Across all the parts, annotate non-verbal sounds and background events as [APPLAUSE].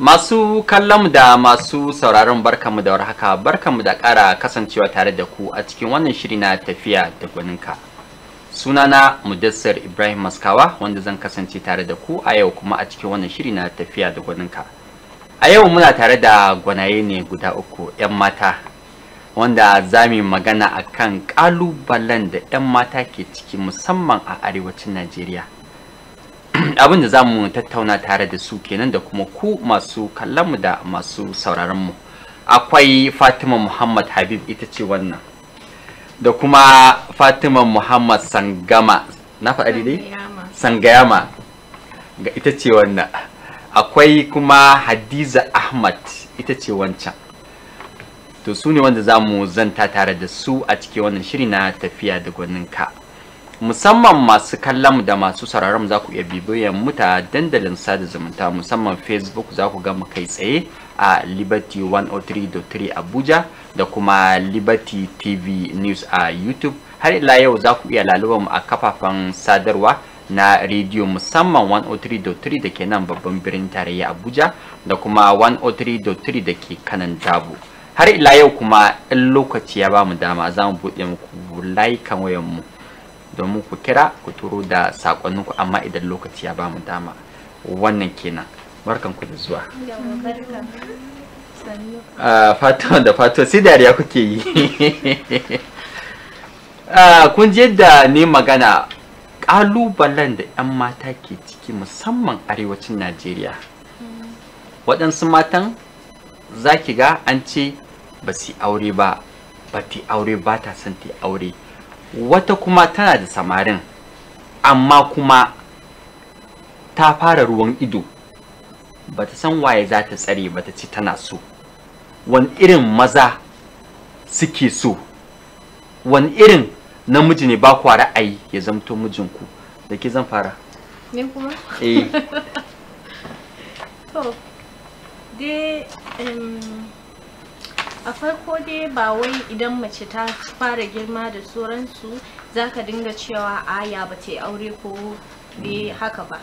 Masu kallon da masu sauraron barkanmu da warhaka barkanmu da kara kasancewa tare da ku a cikin wannan shiri na tafiya da gwaninka. Sunana Mudassar Ibrahim Maskawa wanda zan kasance tare da ku a yau kuma a cikin wannan shiri na tafiya da gwaninka. A yau muna tare da gwanaye ne guda uku 'yan mata wanda za mu magana a kan ƙalubalen da 'yan mata ke ciki musamman a arewacin Najeriya. abin da za mu tattauna tare da su kenan da kuma ku masu kallonmu da masu sauraronmu akwai fatima muhammad habib ita ce wannan da kuma fatima muhammad sangama na faɗa dai sangayama ga ita ce wannan akwai kuma hadiza ahmad ita ce wancan to su ne wanda za mu zanta tare da su a cikin wannan shiri na tafiya da gwaninka musamman masu kallon da masu sauraron za ku iya bibiyar mu ta dandalin sada zumunta musamman facebook za ku gama kai tsaye a liberty 103.3 abuja da kuma liberty tv news a youtube har ila yau za ku iya lalubar mu a kafafen sadarwa na rediyo musamman 103.3 da ke nan babban birnin tarayya abuja da kuma 103.3 da ke kanan tabu har ila yau kuma in lokaci ya ba mu dama za mu buɗe muku layukan wayanmu mu domin ku kira ku turo da sakonninku amma idan lokaci ya bamu dama wannan kenan barkan ku da zuwa ah, fato da fato sai dariya kuke yi [LAUGHS] ah, kun je da ne magana ƙalubalen da 'yan mata ke ciki musamman arewacin najeriya waɗansu matan za ki ga an ce ba su aure ba ba ta aure ba ta son ta aure wata kuma tana da samarin amma kuma ta fara ruwan ido ba ta san waye za ta tsare ba ta ci tana so wani irin maza suke so wani irin namiji ne ba kwa ra'ayi ya zamto mijinku da ke zan fara ne kuma? eh [LAUGHS] to dai a farko dai ba wai idan mace ta fara girma da sauransu za ka dinga cewa aya ba ta yi aure ko bai haka ba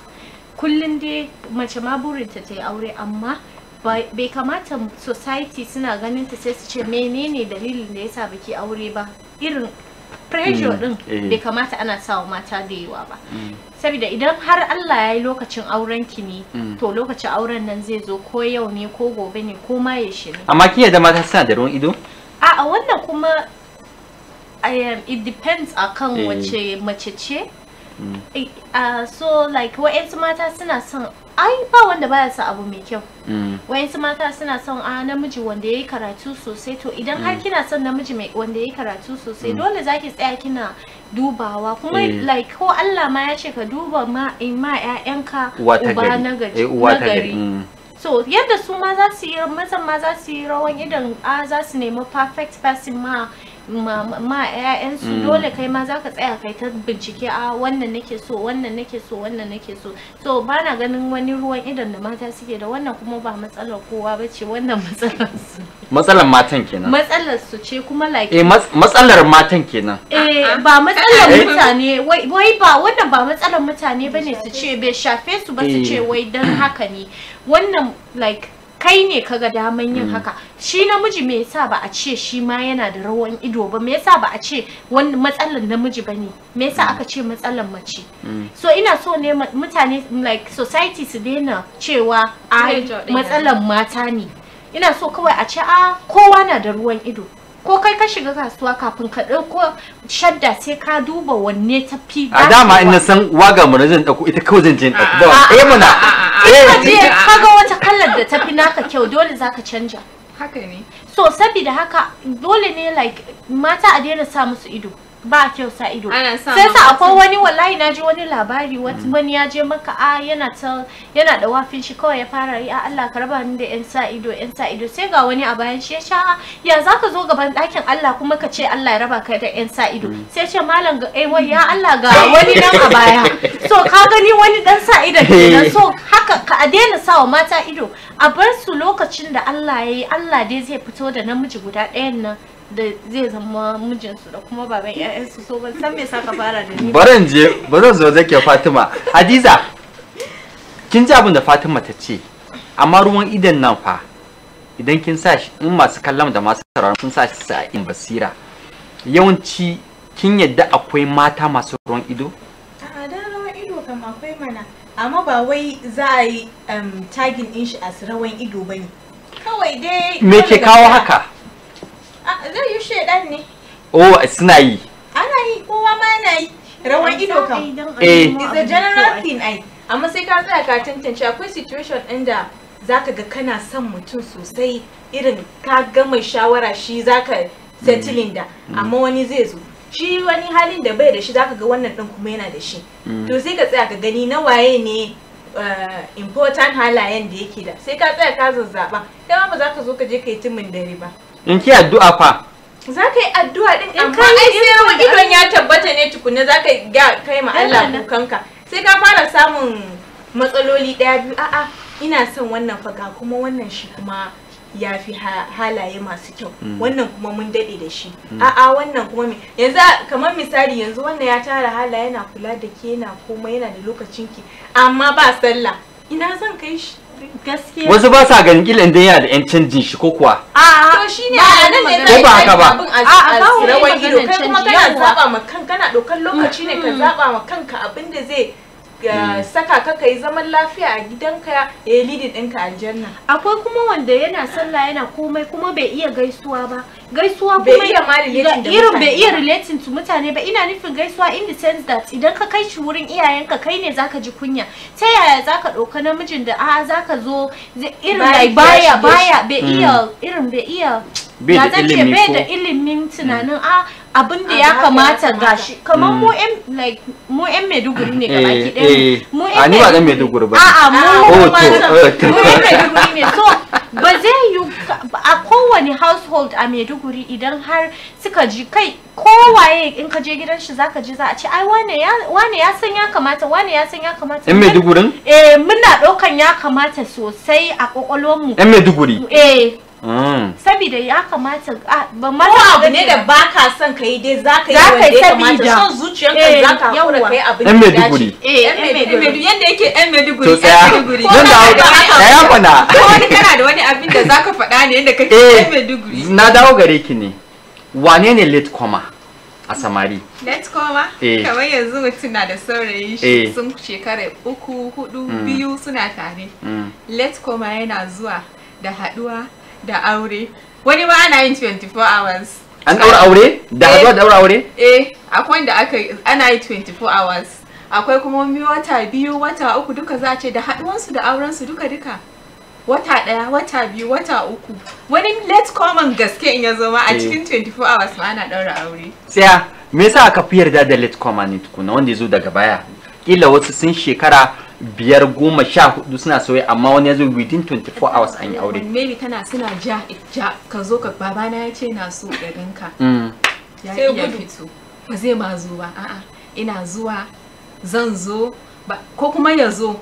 kullum dai mace ma burinta ta yi aure amma bai kamata society suna ganin ta sai su ce menene dalilin da yasa baki aure ba irin pressure mm. din eh. bai kamata ana sawa mata da yawa ba mm. saboda idan har Allah ya yi lokacin auren ki ne mm. to lokacin auren nan zai zo ko yau ne ko gobe ne ko ma ya shi ne amma ki da mata suna da ruwan ido a a wannan kuma it depends akan eh. wace mace ce eh, so like wa'yansu mata suna son ai ba wanda baya sa abu mai kyau mm. su mata suna son a ah, namiji wanda yayi karatu sosai to idan har mm. kina son namiji mai wanda yayi karatu sosai mm. dole zaki tsaya kina dubawa kuma eh. like ko Allah ma ya ce ka duba ma in eh, ma ƴaƴanka uba na gari eh, so yadda su ma za su yi mazan ma za su yi rawan idan a ah, za su nemi perfect person ma ma su mm. dole kai ma za ka tsaya kai ta bincike a ah, wannan nake so wannan nake so wannan nake so so ba na ganin wani ruwan idan da mata suke da wannan kuma ba matsalar kowa ba ce wannan matsalar su matsalar matan kenan matsalar su ce kuma like eh matsalar matan kenan eh ba matsalar eh. mutane wai ba wannan ba matsalar mutane bane su ce bai shafe su ba su ce eh. wai dan haka ne wannan like kai ne kaga daman yin mm. haka shi namiji me yasa ba a ce shi ma yana da rawan ido ba me yasa ba a ce wani matsalan namiji ba ne me yasa mm. aka ce matsalan mace mm. so ina so ne mutane like society su daina cewa a matsalan mata ne ina so kawai a ce a ah, kowa na da ruwan ido ko kai ka shiga kasuwa kafin ka ɗauko shadda sai ka duba wanne ta fi a dama in na san waga mana zan ɗauko ita kawai zan je ɗauko ba eh muna eh ka ga wata kallar da ta fi naka kyau dole za ka canja haka ne so sabida haka dole ne like mata a daina sa musu ido ba kyau sa ido sai sa akwai wani wallahi na ji wani labari wata mm. wani ya je maka a yana ta yana da wafin shi kawai ya fara yi a Allah ka raba ni da yan sa ido yan sa ido sai ga wani a bayan shi ya sha ya zaka zo gaban ɗakin Allah kuma ka ce Allah ya raba ka da yan sa ido mm. sai ce malam ga eh wai ya Allah ga wani nan a baya [LAUGHS] so ka gani wani dan sa ido eh. kenan so haka ka a daina sa wa mata ido a bar su lokacin da Allah ya yi Allah dai zai fito da namiji guda ɗayan nan da zai zama mijinsu da kuma baban 'ya'yansu so ban san me saka fara da ni baran je baran zo zake Fatima Hadiza kin ji abin da Fatima ta ce amma ruwan idan nan fa idan kin sa shi in masu kallon da masu sauraron sun sa shi sa in basira yawanci kin yadda akwai mata masu ruwan ido a da ruwan ido kam akwai mana amma ba wai za a yi um, tagin din shi a rawan ido bane kawai dai me ke kawo haka Ah, zai yi shaidan ne. Oh, suna yi. Ana yi, kowa ma yana yi. Rawan ido kam. Eh. It's a general thing ai. Amma sai ka tsaya ka tantance akwai situation ɗin da zaka ga kana son mutum sosai irin ka ga mai shawara shi zaka settling da mm. amma wani zai zo shi wani halin da bai da shi zaka ga wannan ɗin kuma yana da shi mm. to sai ka tsaya ka gani na waye ne eh, important halayen da yake da sai ka tsaya ka zazzaba kai ma ba za ka zo ka je ka yi timin dare ba in ki addu'a fa za ka yi addu'a din amma ai sai idon ya tabbata ne tukunna za ka kai ma Allah kukanka sai ka fara samun matsaloli daya biyu a'a ina son wannan faga kuma wannan shi kuma ya fi halaye masu kyau mm. wannan kuma mun daɗe da shi mm. a'a wannan kuma me yanzu kamar misali yanzu wannan ya tara halaye yana kula da ke yana komai yana da lokacin ki amma ba sallah ina zan kai shi gaskiya wasu ba sa ganin kila idan yana da yan canjin shi ko kuwa a to shine ba nan ne ko ba haka ba a a ba wani ido kai kuma kana zaba ma kanka kana dokan lokaci ne ka mm. zaba ma kanka abin da zai ya eh. saka ka kai zaman lafiya a gidanka ya eh, lidin ɗinka aljanna akwai kuma wanda yana sallah yana komai kuma bai iya gaisuwa ba gaisuwa kuma irin bai iya relating to mutane ba ina nufin gaisuwa in the sense that idan ka kai shi wurin iyayenka kai ne zaka ji kunya ta yaya zaka ɗauka namijin da a ah, zaka zo irin baya baya bai hmm. iya irin bai iya bai da ilimin hmm. tunanin a ah, abin da ah, ya kamata gashi kamar mu ɗan mm. like mu ɗan Maiduguri ne gabaki ɗaya mu ɗan ba Maiduguri ba a'a mu ah, mu oh, oh, Maiduguri ne so ba zai yi a kowane household a Maiduguri idan har suka ji kai kowaye in ka je gidan shi zaka ji za a ce ai wane ya wane ya san ya kamata wane ya san ya kamata ɗan Maidugurin eh muna daukan ya kamata sosai a kwakwalwar mu ɗan Maiduguri eh Mm. Sabida ya kamata ba ma ko abu ne da baka son ka yi dai zaka yi wanda ya kamata son zuciyarka eh, zaka hakura kai abin da ya dace eh yanda yake yan Maiduguri sai Maiduguri nan da da ya fada ko wani kana da wani abin da zaka faɗa ne yanda kake eh, yan Maiduguri na dawo gare ki ne wane ne late comer a samari. Let's koma. Eh. Kamar yanzu mutum na da saurayi eh. sun shekara uku, hudu, mm. biyu suna tare. Mm. Let's koma yana zuwa da haɗuwa. da aure wani ma ana yin 24 hours an daura aure da hazuwa daura aure eh akwai wanda aka ana yi 24 hours akwai kuma wani wata biyu wata uku duka za a ce da su da aurensu duka duka wata daya wata biyu wata uku wani late common gaske in ya ma a eh. cikin 24 hours ma ana daura aure tsaya me yasa aka fi yarda da late common ne tukuna wanda ya zo daga baya kila wasu sun shekara biyar goma sha hudu suna soya amma wani ya zo within 24 hours an yi aure maybe tana suna ja ja ka zo ka babana ya ce na so ya ganka mm. ya iya fito ba zai ma zo ba a'a ina zuwa zan zo ko kuma ya zo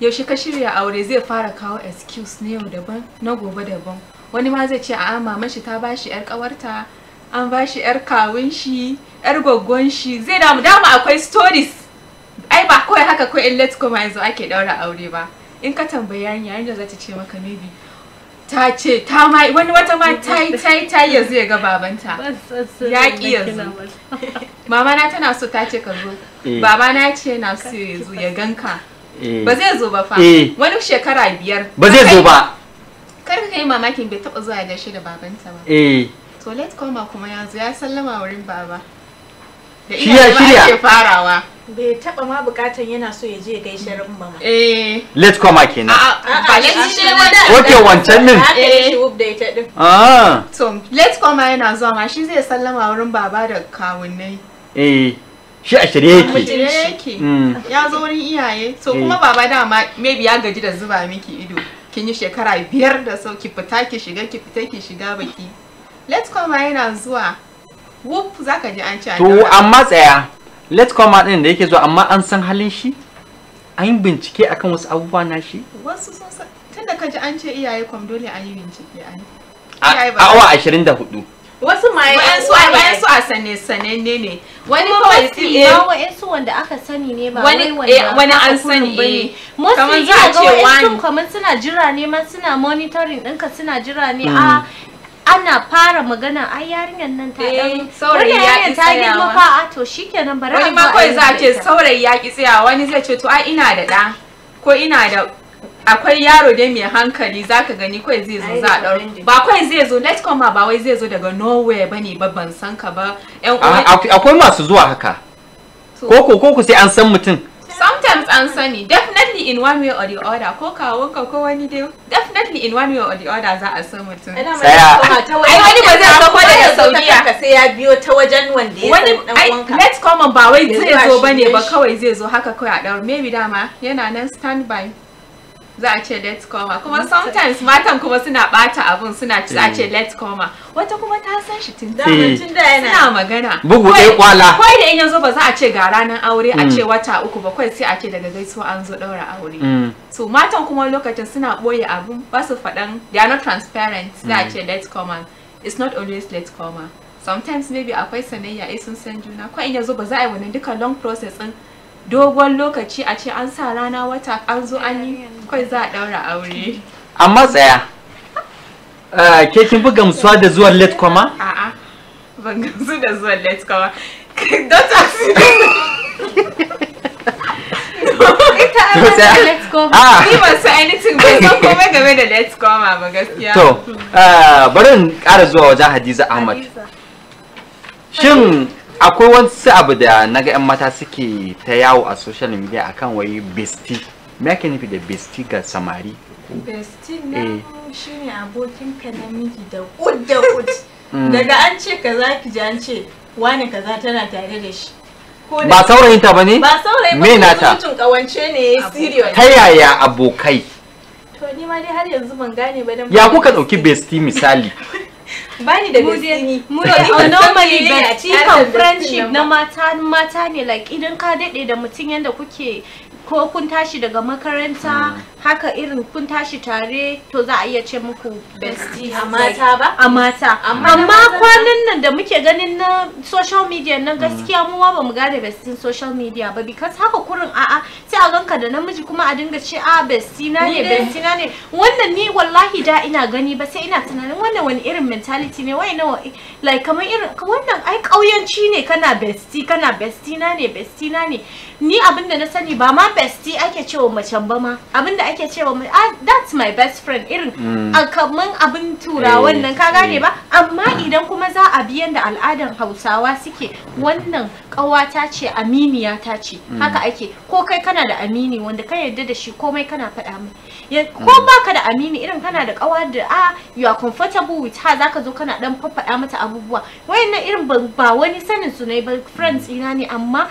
yaushe ka shirya aure zai fara kawo excuse na yau daban na gobe daban wani ma zai ce a'a maman shi ta shi yar kawarta an bashi yar kawun shi yar gwaggon shi zai damu dama akwai stories ai ba kawai haka ko in let's go yanzu ake daura aure ba in ka tambayi yarinya yarinya za ta ce maka maybe ta ce ta ma wani wata ma ta yi ta yi ta yi yanzu ya ga babanta ya yanzu mama na tana so ta ce ka zo eh. baba na ce na so ya zo ya ganka eh. ba zai zo ba fa eh. wani shekara biyar ba zai zo ba kar ka yi mamakin bai taba zuwa ya gaishe da babanta ba to let koma kuma yanzu ya sallama wurin baba shi ya shirya farawa bai taba ma bukatan yana so ya je ya gaishe rin ba ma eh let's come kenan ba let's shi ba da okay wancan din eh shi wub da ita din ah to let's come yana zuwa ma shi zai sallama wurin baba da kawunnai eh shi a shirye yake shirye yake mm. ya zo wurin iyaye to eh. kuma baba dama maybe ya gaji da zuba miki ido kin yi shekara biyar da sauki fita ki shiga ki fita ki shiga baki let's come yana zuwa wuf zaka ji an ci to amma tsaya let come out din da yake zo amma an san halin shi an yi bincike akan wasu abubuwa na shi wasu sun san tunda ka ji an ce iyaye kwam dole an yi bincike an a awa 24 wasu ma wayansu wayansu a sane sane ne ne wani kawai ba eh su wanda aka sani ne ba wani eh, wani an sani ne eh. kamar za a ce wani kamar suna jira ne ma suna monitoring ɗinka suna jira ne hmm. a ah, ana fara magana ai yarinyar nan ta dan eh, saurayi ya ki ta girma fa a to shikenan bara wani ma kawai za a ce saurayi ya ki tsayawa wani zai ce to ai ina da da ko ina da akwai yaro dai mai hankali zaka gani kawai zai zo za dauro ba kawai zai zo let's come ba wai zai zo daga norway bane ba ban san ka ba akwai masu zuwa haka ko ko ko sai an san mutum Sometimes an sani, definitely in one way or the other, ko kawunka ko wani dai, definitely in one way or the other za a san mutum. Tsaya. Ai wani ba zai sauko daga Saudiya. Ka sai ya biyo ta wajen wanda ya wani wanka. Let's come on ba wai zai zo bane ba kawai zai zo haka kawai a dawo. Maybe dama yana nan standby. za a ce let's coma kuma sometimes matan kuma suna bata abun suna za a ce mm. let's coma wata kuma ta san shi tun da suna magana bugu dai kwala kai da in yanzu ba za a ce ga ranar aure a ce mm. wata uku ba kai sai a ce daga gaisuwa an zo daura aure mm. so matan kuma lokacin suna ɓoye abun ba su fadan they are not transparent za a ce let's coma it's not always let's coma sometimes maybe akwai sanayya eh sun san juna kai in yanzu ba za a yi wannan duka long process din dogon lokaci a ce an sa rana wata an zo an yi kai za a daura aure amma tsaya [LAUGHS] eh, ke kin fi gamsuwa da zuwan late kwama? a'a ban gamsu da zuwan late kwama [LAUGHS] don't ask me let's [LAUGHS] go ah. ni ban san anything ban san komai game da let's go ba gaskiya to eh, barin kara zuwa wajen hadiza ahmad shin akwai wasu abu da naga 'yan mata suke ta yawo a social media akan wai besti me ake nufi da besti ga samari besti na eh. shine abokinka na miji da kud da kud mm. daga an ce kaza ki ji an ce wani kaza tana tare da shi ba saurayin ta ne? ba saurayin ba ta mutum kawance ne siriyo ta yaya abokai to ni ma dai har yanzu ban gane ba dan ya kuka dauki besti misali [LAUGHS] bani da destiny mu dai normally but cikan friendship na mata mata ne like idan ka dade da mutum yanda kuke ko kun tashi daga makaranta hmm. haka irin kun tashi tare to za a iya ce muku bestie a mata ba a mata amma kwanan nan da muke ganin na social media nan hmm. gaskiya mu ba mu gane bestin social media ba because haka kurin a'a sai a ganka da namiji kuma a dinga ce a ah, bestie na ne bestie na ne wannan ni wallahi da ina gani ba sai ina tunanin wannan wani irin mentality ne wai nawa like kamar irin wannan ai ƙauyanci ne kana besti kana bestie na ne besti na ne ni abinda na sani ba ma besti ake cewa macen ba ma abinda ake cewa ah that's my best friend irin mm. a abin turawan wannan eh, ka gane eh. ba amma idan kuma za a biyan da al'adan Hausawa suke wannan ƙawata ce aminiya ta ce mm. haka ake ko kai kana da amini wanda ka yarda da shi komai kana faɗa mai ko hmm. baka da amini irin kana da kawa da a you are comfortable with her zaka zo kana dan faffaɗa mata abubuwa wayannan irin ba wani sanin su ne ba friends hmm. ina ne amma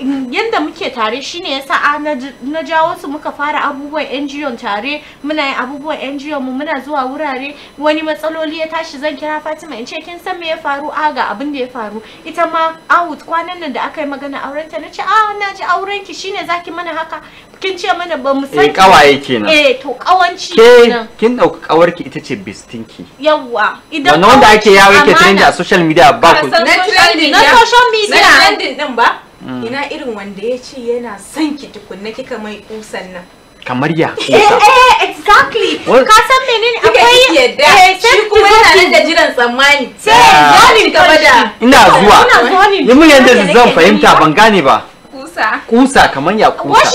yanda muke tare shine yasa a na jawo su muka fara abubuwan NGO tare muna yin abubuwan NGO mu muna zuwa wurare wani matsaloli ya tashi zan kira Fatima in ce kin san me ya faru a ga abin da ya faru ita ma out kwanan nan da aka yi magana aurenta na nace a na ji aurenki shine zaki mana haka kin ce mana ba mu eh, san eh kawaye kenan eh to kawanci kenan kin dauki kawarki ita ce bestinki yawa idan wannan wanda ake yawo yake trend a social media ba ku na trending na social media na trending din ba mm. ina irin wanda ya ce yana son ki tukunna kika mai kusan nan kamar ya kusa eh, eh exactly ka san menene akwai eh shi kuma yana nan da jiran tsammani sai eh, ah. zalin gaba da ina zuwa ni mun yanda zan fahimta ban gane ba kusa kusa kaman ya kusa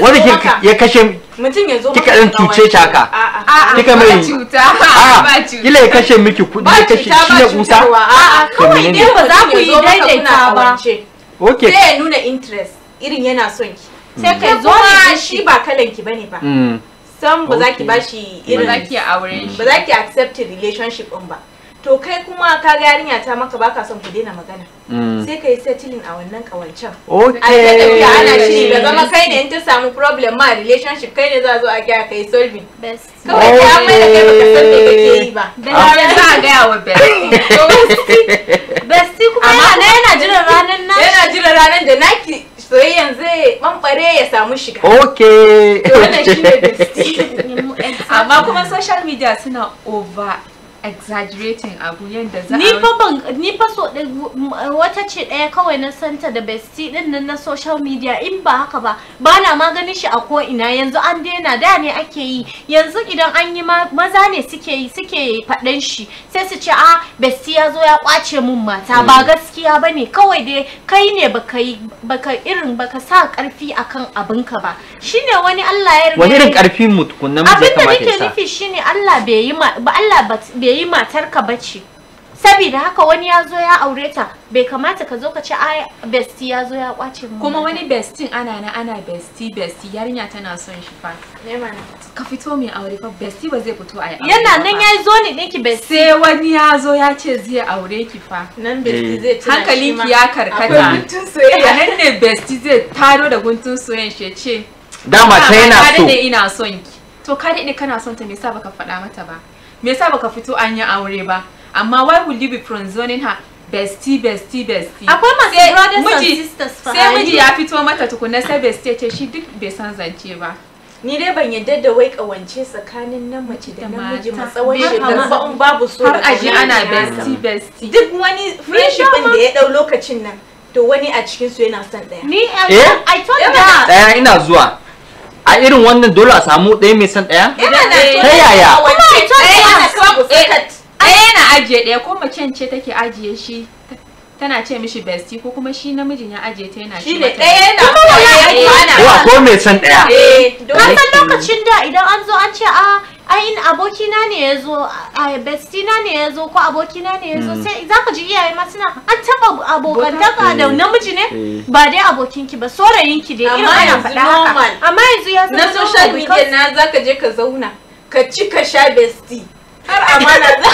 wani ya kashe mutum ya zo kika dan cuce ta haka a'a kika mai cuta [LAUGHS] ba cuta kila ya kashe miki kudi ya kashe shi ya kusa a'a kawai dai ba za ku yi daidaita ba okay sai ya nuna interest irin yana son ki hmm. sai kai zo shi ba kalan ki bane ba hmm. san ba za ki bashi irin hmm. ba za ki accept relationship din ba to kai kuma ka ga yarinya ta maka baka son ku daina magana mm. sai kai settling a wannan kawancan okay a da ka ana shi ba zama kai ne in ta samu problem ma relationship kai ne za zo a ga kai solving best kawai ka mai da kai baka san me kake yi ba da za a gaya wa best [LAUGHS] best kuma yana yana jiran ranan na yana jiran ranan da naki soyayyan zai bambare ya samu shiga okay wannan [LAUGHS] ne best amma kuma social media suna over exaggerating abu yanda za ni fa ban ni fa so wata ce daya kawai na santa da bestie din nan na social media in ba haka ba ba na ma ganin shi a ko ina yanzu an daina da ne ake yi yanzu idan an yi maza ne suke yi suke faɗan shi sai su ce a bestie ya zo ya kwace mun mata ba mm. gaskiya bane kawai dai kai ne baka yi baka irin baka sa karfi akan ka ba shine wani Allah ya rubuta. wani irin karfin mutukunan abin da nake nufi shine Allah bai yi Allah bai yi ka bace saboda haka wani ya zo ya aure ta bai kamata ka zo ka ci ai bestie ya zo ya kwace mu kuma wani bestin ana na ana bestie bestie yarinya tana son shi fa ka fito mai aure fa bestie ba zai fito ai yana nan yayi zo ne dinki bestie sai wani ya zo ya ce zai aure ki fa nan bestie eh. zai hankali ki ya karkata guntun soyayya nan ne bestie zai taro da guntun soyayya shi ce dama ta yana so ina son ki to ka daɗe kana son ta me yasa baka faɗa mata ba me yasa baka fito an yi aure ba amma why would you be frozen her bestie bestie bestie akwai masu brothers and sisters fa sai miji ya fito mata tukunna sai bestie ce shi duk bai san zance ba ni dai ban yadda da wai kawance tsakanin nan mace da namiji ma tsawon shekaru ba in babu so har aji ana bestie bestie duk wani friendship din da ya dau lokacin nan to wani a cikin su yana son daya ni eh? i told you eh, ina zuwa a irin wannan dole a samu ɗaya mai son ɗaya? Eh. ta yaya ɗaya na eh. ajiye ɗaya ko macen ce take ajiye shi tana ce mishi bestie ko kuma shi namijin ya aje ta yana shi ne ɗaya na kuma ko mai san ɗaya kan eh, eh, san lokacin da idan an zo an ce a ah, ayin abokina ne ya zo bestina ne ya zo ko abokina ne ya zo hmm. sai za ka ji iyaye ma suna an taba abokantaka da namiji ne eh. ba dai abokin ki ba ki dai irin ana faɗa haka amma yanzu ya zama na social media na za ka je ka zauna ka ci ka sha besti har amana za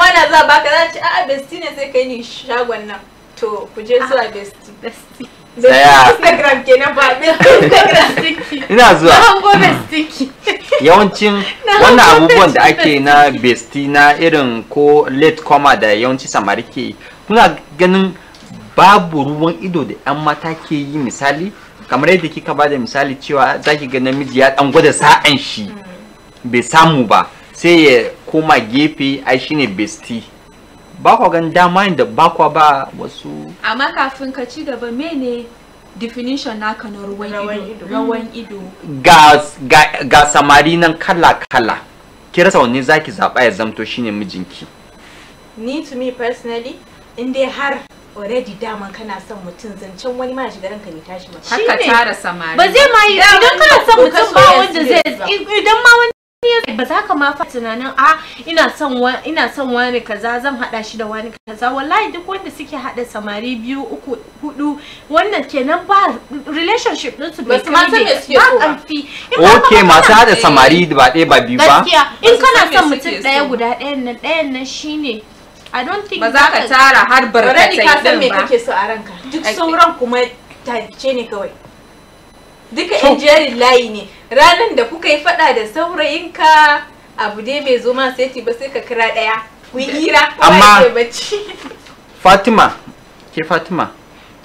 amana za baka za ci a'a besti ne sai kai ni shagon nan to ku je zuwa besti ah, besti Instagram kenan ba [LAUGHS] Instagram sticky. Ina zuwa. Na hango besti [LAUGHS] Yawancin wannan abubuwan da ake na besti na irin ko late comer da yawanci samari ke kuna ganin babu ruwan ido da 'yan mata ke yi misali kamar yadda kika ba da misali cewa zaki ga namiji ya dan gwada sa'an shi mm. bai samu ba sai ya koma gefe ai shine besti ba kwa gan dama da ba kwa ba wasu amma kafin ka ci gaba mene definition naka na rawan ido ga, ga, samari nan kala kala ki rasa wanne zaki zaba ya zamto shine mijinki ni to me personally in dai har already dama kana son mutum zancen wani ma shiga ranka ne tashi maka haka tara samari ba zai ma idan kana son mutum ba wanda zai idan ma ba za ka ma fa tunanin a ah, ina son wani ina son wani kaza zan hada shi da wani kaza wallahi duk wanda suke hada samari biyu uku hudu wannan kenan ba relationship din su bai kai ba karfi okay masu hada samari ba ɗaya ba biyu ba gaskiya in kana son mutum daya guda ɗayan nan ɗayan nan shine I don't think ba za ka tara har barkatai din ba. Ba ka san me kake so a ranka. Duk sauran kuma tace ne kawai. duka in jarin layi ne ranar da kuka yi fada da saurayinka abu dai bai zo ma sai ba sai ka kira daya ku hira amma fatima ke fatima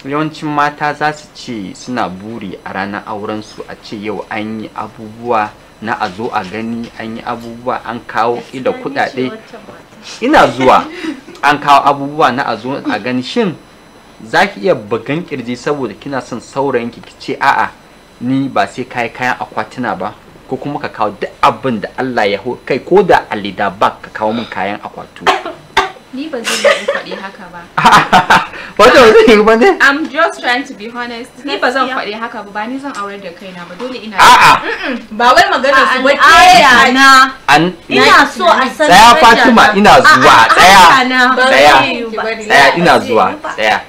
yawancin mata za su ce suna buri a ranar aurensu a ce yau an yi abubuwa na a zo a gani an yi abubuwa an kawo ila kudade ina zuwa an kawo abubuwa na a zo a gani shin za ki iya bugan kirji saboda kina son saurayinki ki ce a'a ni ba sai kai kayan akwatuna ba ko kuma ka kawo duk abin da Allah ya kai ko da alida ba ka kawo min kayan akwatu ni ba zan yi faɗi haka ba [LAUGHS] wata ba zai yi ba ne I'm just trying to be honest ni ba zan faɗi haka ba ba ni zan aurar da kaina ba dole ina a'a ba wai magana su ba ke na an ina so a san tsaya Fatima ina zuwa tsaya tsaya tsaya ina zuwa tsaya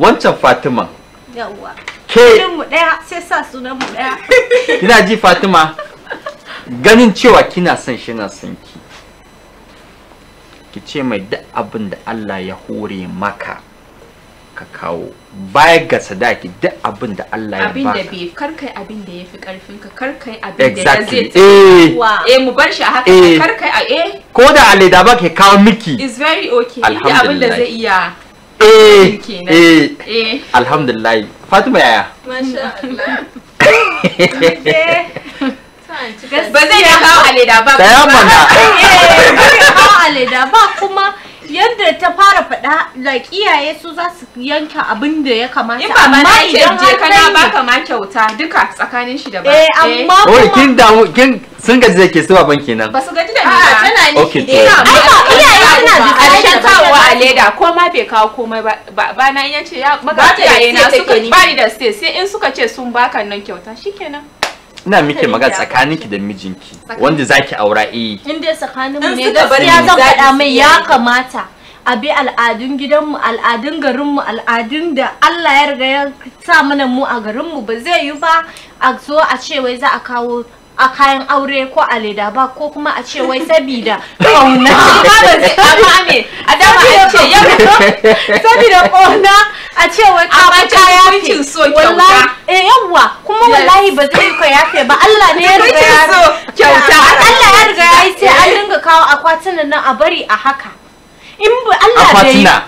wancan Fatima yawwa ke kina [LAUGHS] ji fatima ganin cewa kina son shi na son ki ki ce mai duk abin da allah ya hore maka ka kawo baya ga sadaki duk abin da Allah ya baka abin da bai karkai abin da yafi karfin ka karkai abin da ya zai eh. wa eh mu bar shi a haka eh. karkai a eh ko da alida ba ke kawo miki is very okay abin da zai iya Eh, eh eh alhamdulillah fatima ya? masha Allah ba zai kawo aleda ba eh, ba zai kawo aleda ba kuma yadda ta fara faɗa like iyaye su za su yanka abin da ya kamata in ba na ce je kana baka ma kyauta duka tsakanin shi da ba eh amma eh. kuma kin damu kin sun gaji da ke su baban kenan ba su gaji da ni ba tana ni okay to ai ba iyaye suna da karshen kawowa a leda ko ma bai kawo komai ba ba na yace ya maka iyaye na suka bari da state sai in suka ce sun baka nan kyauta shikenan ina miki magana tsakaninki da mijinki wanda zaki aura e. Eh. in dai tsakaninmu ne gaskiya zan faɗa mai ya kamata a bi al'adun gidanmu al'adun garinmu al'adun da Allah ya riga ya sa mana mu a garinmu ba zai yi ba a zo a ce wai za a kawo a kayan aure ko a leda ba ko kuma a ce wai sabida [LAUGHS] ƙauna amma [LAUGHS] me a dama a ce ya [LAUGHS] sabida ƙauna a ce wai amma ta yafe wallahi eh yawa kuma wallahi ba zai ka yafe ba Allah ne ya riga ya kyauta Allah ya riga ya sai an eh. dinga kawo akwatunan nan a bari a haka in Allah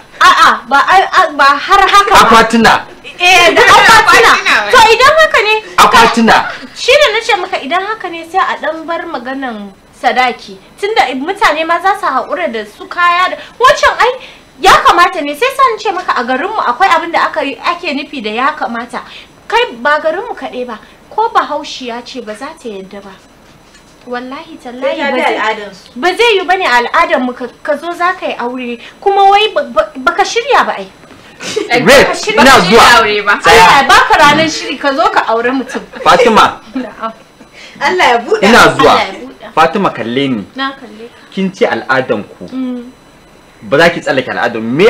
bai a'a ba har haka akwatuna eh da [LAUGHS] akwatuna to idan haka ne akwatuna shi ne na ce maka idan haka ne sai a dan bar maganan sadaki tunda mutane ma za su haƙura da su kaya da wancan ai ya kamata ne sai san ce maka a garinmu akwai abin da aka ake nufi da ya kamata kai ba garinmu kaɗai ba ko bahaushiya ce ba za ta yadda ba wallahi tallahi ba zai yi bane al'adar mu ka zo za ka yi aure kuma wai baka shirya ba ai Eh, ina zuwa Allah ya baka ranar shiri ka zo ka aure mutum Fatima Allah ya buɗe ina zuwa Fatima kalle ni na kalle kin ce al'adan ku mm. ba za ki tsallake al'adan me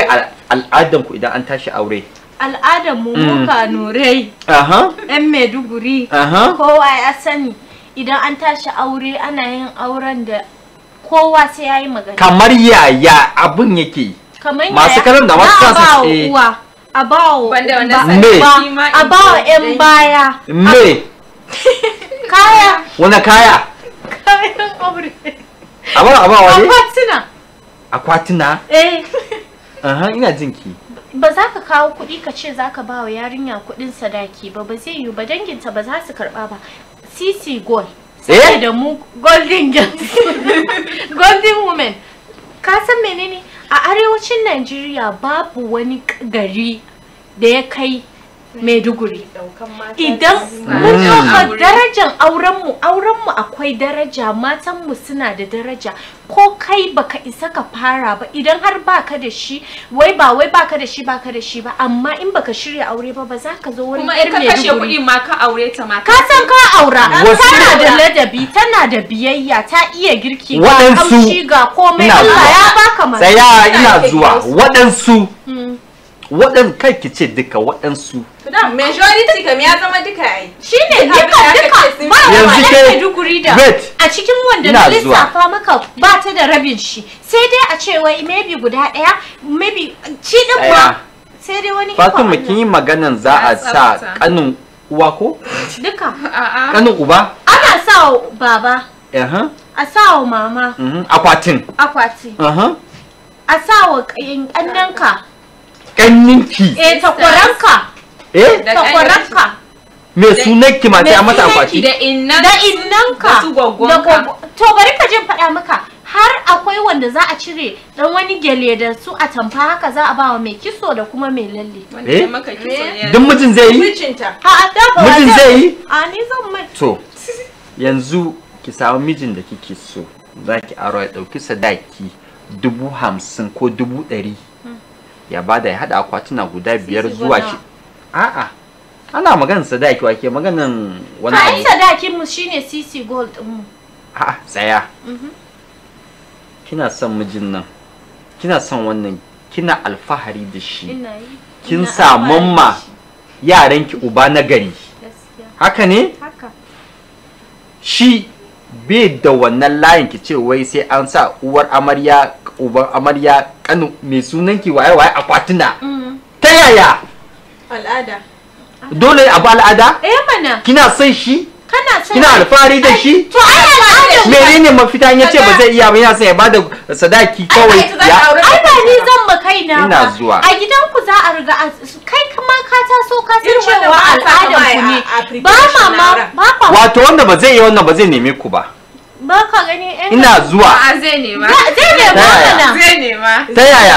al'adan ku idan an tashi aure al'adan mu mm. muka norai aha yan Maiduguri kowa ya sani idan an tashi aure ana yin auren da kowa sai yayi magana kamar yaya abun yake kamar masu karan da masu kasa ce a ba wa a yan baya me [LAUGHS] kaya wani kaya kayan aure a ba a akwatina akwatina eh aha ina jinki ba za ka kawo kuɗi ka ce za ka ba wa yarinya kuɗin sadaki ba ba zai yiwu ba danginta ba za su karɓa ba cc gol eh? sai da mu golden girls [LAUGHS] golden women ka san menene a arewacin najeriya babu wani gari da ya kai Maiduguri. Idan mun ɗauka mm. darajar aurenmu, aurenmu akwai daraja, matanmu suna da daraja, ko kai baka isa ka fara ba idan har baka da shi, wai ba wai baka da shi baka da shi ba, amma in baka shirya aure ba ba za ka zo wani irin Kuma in ka kashe kuɗi ma ka aure ta ma. Ka san ka aura, tana da ladabi, tana da biyayya, ta iya girki, ga kamshi ga komai, Allah ya baka Tsaya ina zuwa, waɗansu mm. waɗan kai ki ce duka waɗansu. majority kam ya zama duka ai. Shi ne duka duka ba yanzu ke dukuri da. A cikin wanda na lissafa maka ba ta da rabin shi sai dai a ce wai maybe guda ɗaya maybe ci ɗin ba. Sai dai wani ikon Allah. kin yi maganan za a sa kanin uwa ko? Duka. Kanin uba? Ana sa baba. A sa mama. Akwatin. Akwatin. A sa wa mhm. ƙannanka. ƙanninki eh takwaranka eh takwaranka me sunan ki ma ta mata akwati da innan da innanka da to bari ka je faɗa maka har akwai wanda za a cire dan wani gele da su a tamfa haka za a ba wa mai kiso da kuma mai lalle. Eh? Eh? Duk mutun zai yi? mutun zai yi? A ni zan mai. To, yanzu ki samu mijin da kike so za ki aro ya ɗauki sadaki dubu hamsin ko dubu ɗari ya bada ya hada akwatuna guda biyar zuwa shi a'a ana maganin sadaki wake maganin wani abu sadakin mu shine cc gold din mu a'a tsaya mhm. kina son mijin nan kina son wannan kina alfahari da shi kin samun ma yaranki uba na gari haka ne shi bai da wannan layin ki ce wai sai an sa uwar amarya uban amarya kanu mai sunan ki waye waye akwatuna ta yaya al'ada dole a ba al'ada eh mana kina son shi kana son kina alfahari da shi to ai al'ada menene mafita in yace ba zai iya ba yana son ya bada sadaki kawai ya ai ba ni zan ba kaina ina zuwa a gidan ku za a riga kai kuma ka taso ka san cewa al'adan ku ne ba mama wato wanda ba zai yi wannan ba zai neme ku ba ba ka gani yan ina zuwa a zai nema zai nema ta yaya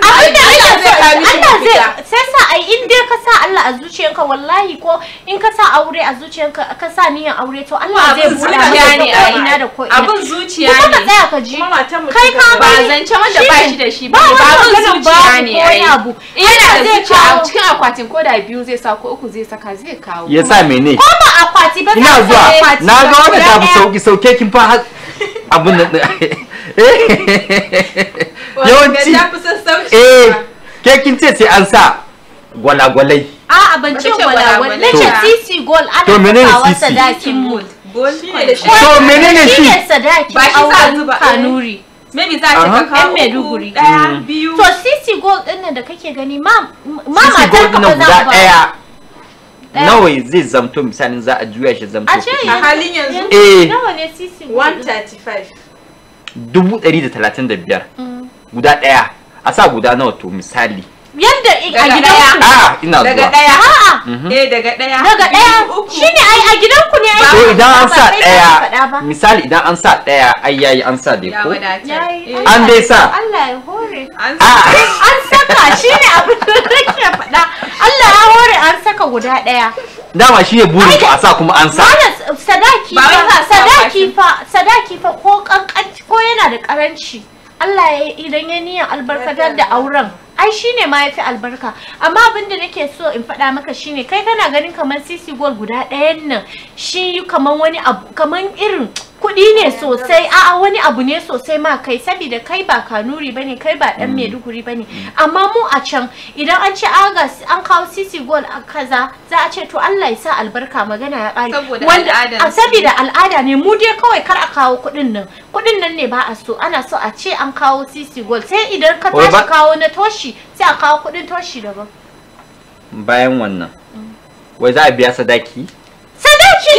abinda Allah zai Allah zai sai sa ai in dai ka sa Allah a zuciyanka wallahi ko in ka sa aure a zuciyanka ka sa niyan aure to Allah zai buɗa maka ne a ina da ko ina abin zuciya ne kuma ka tsaya ka ji kai ka ba zance wanda ba shi da shi ba abin zuciya ne ai yana da zuciya a cikin akwatin ko da biyu zai sa ko uku zai saka zai kawo ya sa mene ko ba akwati ba ina zuwa na ga wanda ta fi sauki sauke kin fa abin da [LAUGHS] eh. yawanci eh ke kin ce sai an sa gwalagwalai a a ban ce gwalagwalai ce cc gold ana kawo sadakin hmm. gold to menene shi sadakin auren eh. kanuri maybe za ta ka kawo Maiduguri daya hmm. biyu to cc gold din nan da kake gani ma ma ta ka ba za ba nawa zai zamto misalin za a juya shi zamto a halin yanzu eh nawa ne cc 135 dubu 135 da talatin da hmm. guda ɗaya a sa guda nawa to misali yadda a gidan ku. a ah, ina zuwa daga daya a'a mm-hmm. eh daga daya daga daya shine ai a gidan ku ne ai to idan an sa daya misali idan an sa daya ai yayi an sa dai ko eh. an dai sa Allah ya hore an ah. saka shine abin da kake faɗa Allah ya hore an saka guda daya dama shi ne burin ku a sa kuma an sa sadaki fa sadaki fa sadaki fa ko kankanci ko yana da karanci Allah ya idan ya niyan albarkatar da auren ai shine ma yafi albarka amma abin da nake so in faɗa maka shine kai kana ganin kamar CC gold guda ɗayan nan shi kamar wani abu kamar irin kuɗi ne sosai a'a wani abu ne sosai ma kai saboda kai ba kanuri bane kai ba dan maiduguri bane amma mu a can idan an ce aga ah, an kawo cc gold a kaza za a ce to Allah ya sa albarka magana ya ƙare wanda saboda al'ada ne mu dai kawai kar a kawo kuɗin nan kuɗin nan ne ba a so ana so a ce an kawo cc gold sai idan ka tashi kawo na toshi sai a kawo kuɗin toshi daban bayan wannan wai za a biya sadaki sadaki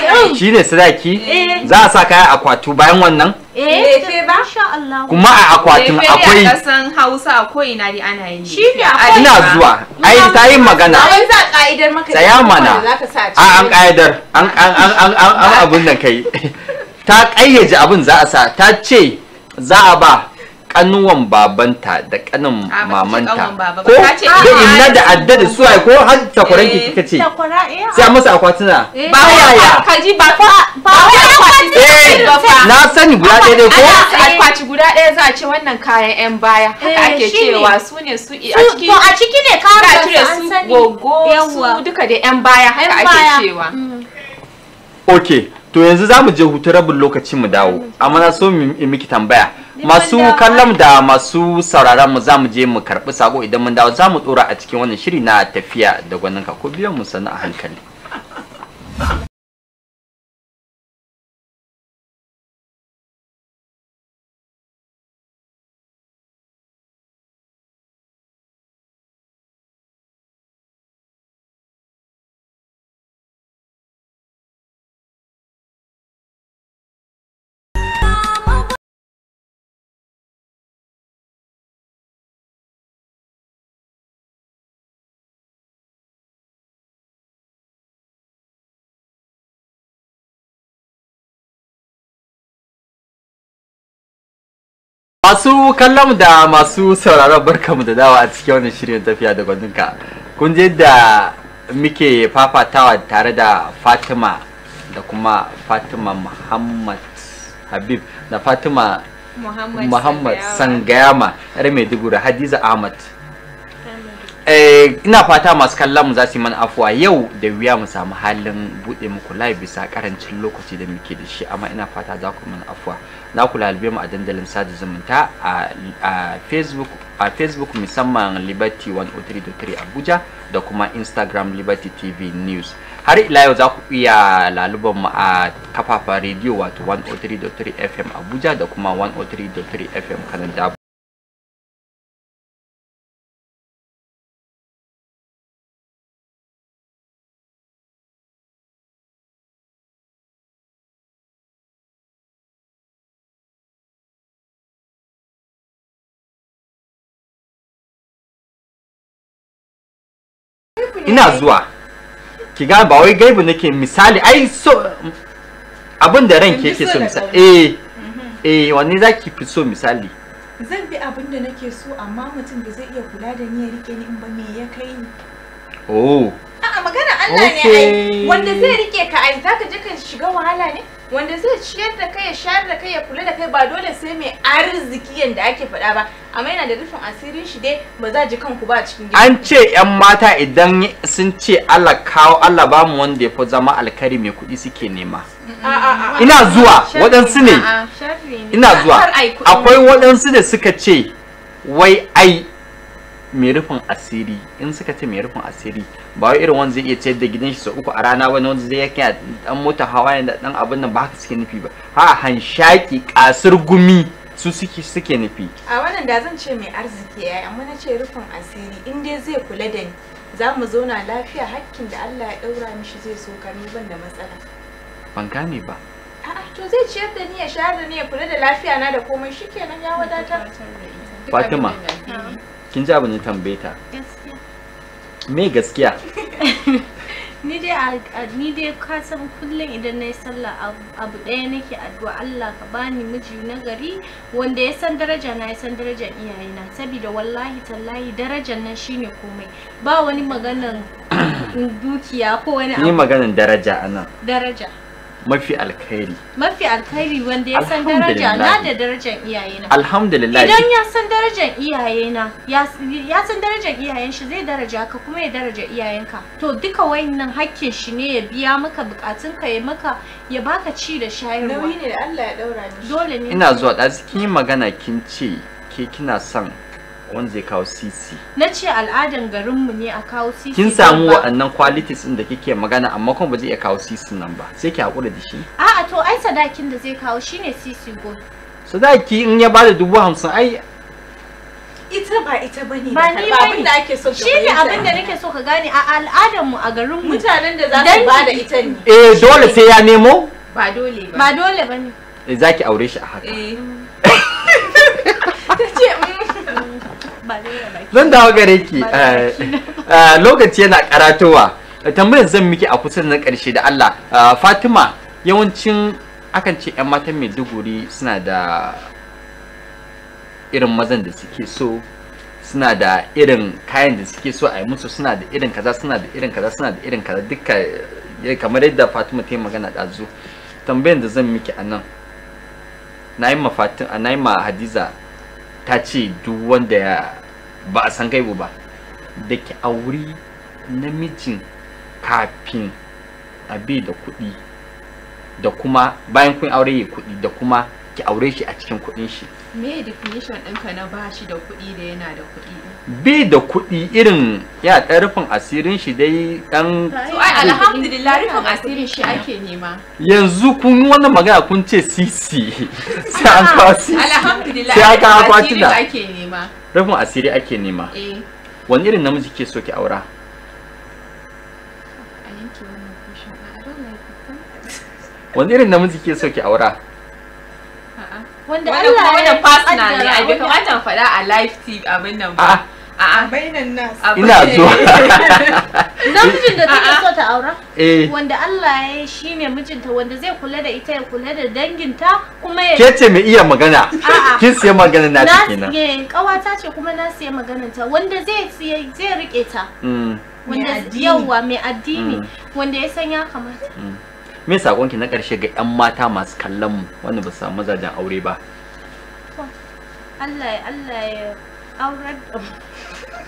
ne shi ne sadaki za a sa kaya akwatu bayan wannan eh ba Allah kuma a akwatin akwai kasan Hausa ko ina dai ana yi shi ne ina zuwa ai ta yin magana ai za ka'idar maka tsaya mana an ka'idar an an an an abun nan kai ta kayyaje abin za a sa ta ce za a ba kanuwan babanta da kanin mamanta ko da inna da addada su ai ko har takwaran ki eh, kika ce eh, sai masa akwatuna eh, ba yaya kaji ba fa ba akwati ba na sani guda ɗaya dai ko akwati guda ɗaya za a ce wannan kayan yan baya haka ake cewa su ne su a ciki to a ciki ne ka ga su gogo su duka da yan baya haka ake cewa mm. okay to yanzu za mu je hutu rabin lokacin mu dawo amma na so miki tambaya masu kallon da masu sauraron mu za mu je mu karɓi sako idan mun dawo za mu tsora a cikin wannan shiri na tafiya da gwaninka ko biyan mu sani a hankali masu kallon da masu sauraron barkamu da dawa a cikin wannan shirin tafiya da gwaninka kun je da muke fafatawa tare da fatima da kuma fatima muhammad habib da fatima muhammad sangayama yar maiduguri hadiza ahmad eh, ina fata masu kallon mu za su yi mana afuwa yau da wuya mu samu halin buɗe muku live bisa karancin lokaci da muke da shi amma ina fata za ku mana afuwa za ku mu a dandalin sada zumunta a facebook a facebook musamman liberty 103.3 abuja da kuma instagram liberty tv news har ila yau za ku iya laluban mu a kafafen rediyo wato 103.3 fm abuja da kuma 103.3 fm kanan ina zuwa ki ga ba wai gaibu nake misali ai so abin da ranke yake so misali eh eh wanne zaki fi so misali zan bi abin da nake so amma mutum da zai iya kula da ni ya rike ni in ba me ya kai ni oh a'a magana Allah ne ai wanda zai rike ka ai zaka je ka shiga wahala ne wanda zai ciyar da kai ya shayar da kai ya kula da kai ba dole sai mai arziki yanda ake faɗa ba amma yana da rufin asirin shi dai ba za ji kanku ba a cikin gida an ce yan mata idan sun ce Allah kawo Allah ba mu wanda ya fi zama alkari mai kuɗi suke nema ina zuwa waɗansu ne ina zuwa akwai waɗansu da suka ce wai ai mai rufin asiri in suka ce mai rufin asiri ba wai irin wanda zai iya ciyar da gidan shi sau uku a rana wani wanda zai yake dan mota hawa ne da dan abin nan ba haka suke nufi ba ha hanshaki kasar gumi su suke suke nufi a wannan da zan ce mai arziki yayi amma na ce rufin asiri in dai zai kula da ni za mu zauna lafiya hakkin da Allah ya daura mishi zai so ka ni ban da matsala ban gane ba a'a to zai ciyar da ni ya shayar da ni ya kula da lafiya na da komai shikenan ya wadatar Fatima kin ji abin ya tambaye ta gaskiya me gaskiya [LAUGHS] ni dai ni dai ka san kullum idan na yi sallah abu ɗaya nake addu'a Allah ka bani miji na gari wanda ya san daraja na ya san darajar na, saboda wallahi tallahi darajar nan shine komai ba wani maganan [COUGHS] dukiya ko wani abu ni maganan daraja anan daraja mafi alkhairi mafi alkhairi wanda ya san daraja na da darajar iyayena alhamdulillah idan ya san darajar iyayena ya san darajar iyayen shi zai daraja ka kuma ya daraja iyayenka to duka wayannan hakkin shi ne ya biya maka bukatun ka ya maka ya baka ci da shayarwa nauyi ne da Allah ya daura ni dole ne ina zuwa da kin magana kin ce ke kina son wanda zai kawo cc na ce al'adan garinmu ne a kawo cc kin samu waɗannan qualities din da kike magana amma kuma ba zai iya kawo cc nan ba sai ki haƙura da shi a'a to ai sadakin da zai kawo shine cc gold sadaki in ya bada dubu hamsin ai ita ba ita bane ba ni abin da ake so ka shine abin da nake so ka gane a al'adar a garinmu mutanen da za su bada ita ne eh dole sai ya nemo ba dole ba ba dole bane eh, zaki aure shi a haka eh zan dawo gare ki eh, [LAUGHS] eh, lokaci yana karatowa tambayar zan miki a kusa na karshe da Allah eh, Fatima yawancin akan ce 'yan matan Maiduguri suna da irin mazan da suke so suna da irin kayan da suke so a yi musu suna da irin kaza suna da irin kaza suna da irin kaza duka kamar yadda Fatima ta yi magana da ɗazu tambayar da zan miki a nan na yi ma Hadiza ta ce duk wanda ya ba a san gaibu ba da ki auri namijin kafin a bi da kuɗi da kuma bayan kun aure ya kuɗi da kuma ki aure shi a cikin kuɗin shi me definition ɗinka na ba shi da kuɗi da yana da kuɗi bi da kuɗi irin ya ɗan rufin asirin shi dai ɗan to ai alhamdulillah rufin asirin shi ake nema yanzu kun wani magana kun ce sisi sai an kawo sisi sai an kawo ake nema rufin asiri ake nema eh. wani irin namiji ke so ki aura wani irin namiji ke so ki aura wanda Allah ya wannan ne a bai kamata faɗa a live tv abin nan ba a bainan nas ina zuwa [LAUGHS] [LAUGHS] namijin da take so ta aura eh. wanda Allah ya yi shine mijinta wanda zai kula da ita ya kula da danginta kuma ya kece mai iya magana kin siya magana na ta kenan kawata ce kuma na siya maganar ta wanda zai zai rike ta mm. wanda yawa mai addini mm. wanda ya san ya kamata mm. me sakonki na karshe ga yan mata masu kallon mu wanda ba su samu mazajen aure ba Allah ya Allah ya aurar da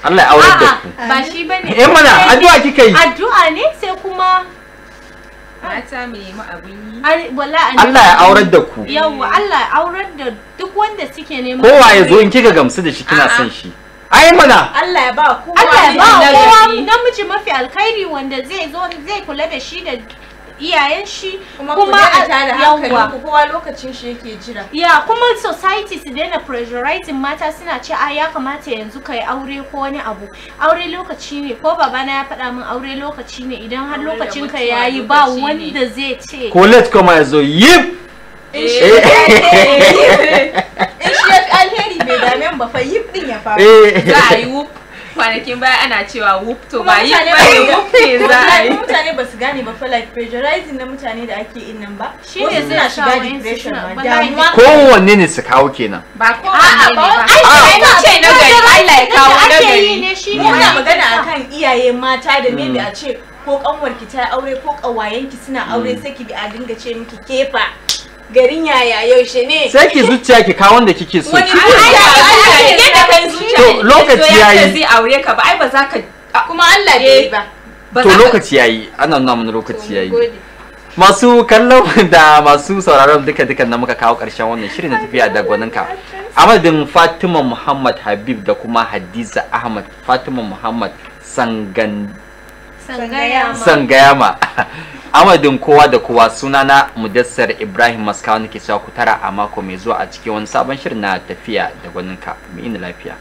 Allah ya aurar da ku ba shi bane eh mana addu'a kika yi addu'a ne sai kuma mata mu nemi abin yi wallahi Allah ya aurar da ku yawa Allah ya aurar da duk wanda suke neman kowa ya zo in kika gamsu da shi kina son shi ai mana Allah ya ba kowa Allah ya ba kowa namiji mafi alkhairi wanda zai zo zai kula da shi da iyayen shi kuma a yawa. kowa lokacin shi yake jira ya kuma society su daina pressurizing mata suna ce a ah, ya kamata yanzu kai aure ko wani abu aure lokaci ne ko babana ya faɗa min aure lokaci ne idan har lokacin ka yayi ba wanda zai ce ko let kuma yazo yip eh. eh. [LAUGHS] eh, [LAUGHS] in shi alheri bai dame ba fa yip din ya faru za a yi wup kwanakin baya ana cewa to ba yi whoop ne za a yi mutane ba su gane ba fa like pressurizing na mutane da ake in nan ba shi ne suna shiga depression ba damuwa kowanne ne su kawo kenan ba kowanne ne ba ai ba ce na gari ai ya kawo na gari muna magana akan iyaye mata da maybe a ce ko kanwarki ta aure ko kawayenki suna aure sai ki bi a dinga ce miki kefa garin yaya yaushe ne sai ki zuciya ki kawo wanda kike so zuciya da zuciya to lokaci yayi zai aure ka ba ai ba za ka kuma Allah ba to lokaci yayi ana nuna mana lokaci yayi masu kallon [LAUGHS] da masu sauraron duka dukan na muka kawo karshen wannan shirin na tafiya da gwaninka a fatima muhammad habib da kuma hadiza ahmad fatima muhammad sangayama [LAUGHS] amadin kowa da kowa suna na mudassar ibrahim maskawa nake sa kutara a mako mai zuwa a cikin wani sabon shirin na tafiya da gwaninka mu ina lafiya